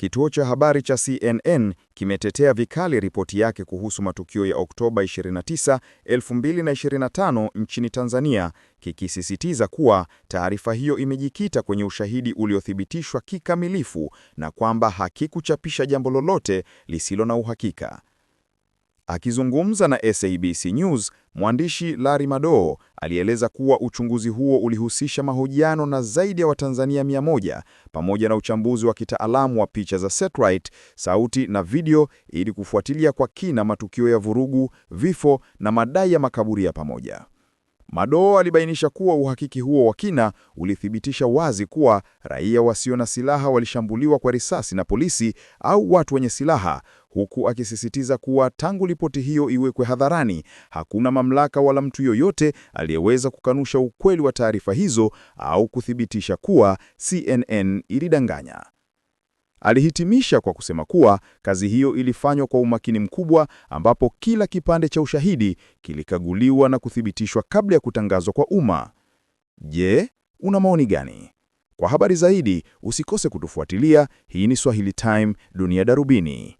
Kituo cha habari cha CNN kimetetea vikali ripoti yake kuhusu matukio ya Oktoba 29, 2025 nchini Tanzania, kikisisitiza kuwa taarifa hiyo imejikita kwenye ushahidi uliothibitishwa kikamilifu na kwamba hakikuchapisha jambo lolote lisilo na uhakika. Akizungumza na SABC News, mwandishi Larry Madowo alieleza kuwa uchunguzi huo ulihusisha mahojiano na zaidi ya Watanzania 100 pamoja na uchambuzi wa kitaalamu wa picha za satellite, sauti na video ili kufuatilia kwa kina matukio ya vurugu, vifo na madai ya makaburi ya pamoja. Madoo alibainisha kuwa uhakiki huo wa kina ulithibitisha wazi kuwa raia wasio na silaha walishambuliwa kwa risasi na polisi au watu wenye silaha, huku akisisitiza kuwa tangu ripoti hiyo iwekwe hadharani, hakuna mamlaka wala mtu yoyote aliyeweza kukanusha ukweli wa taarifa hizo au kuthibitisha kuwa CNN ilidanganya. Alihitimisha kwa kusema kuwa kazi hiyo ilifanywa kwa umakini mkubwa, ambapo kila kipande cha ushahidi kilikaguliwa na kuthibitishwa kabla ya kutangazwa kwa umma. Je, una maoni gani? Kwa habari zaidi usikose kutufuatilia. Hii ni Swahili Time Dunia Darubini.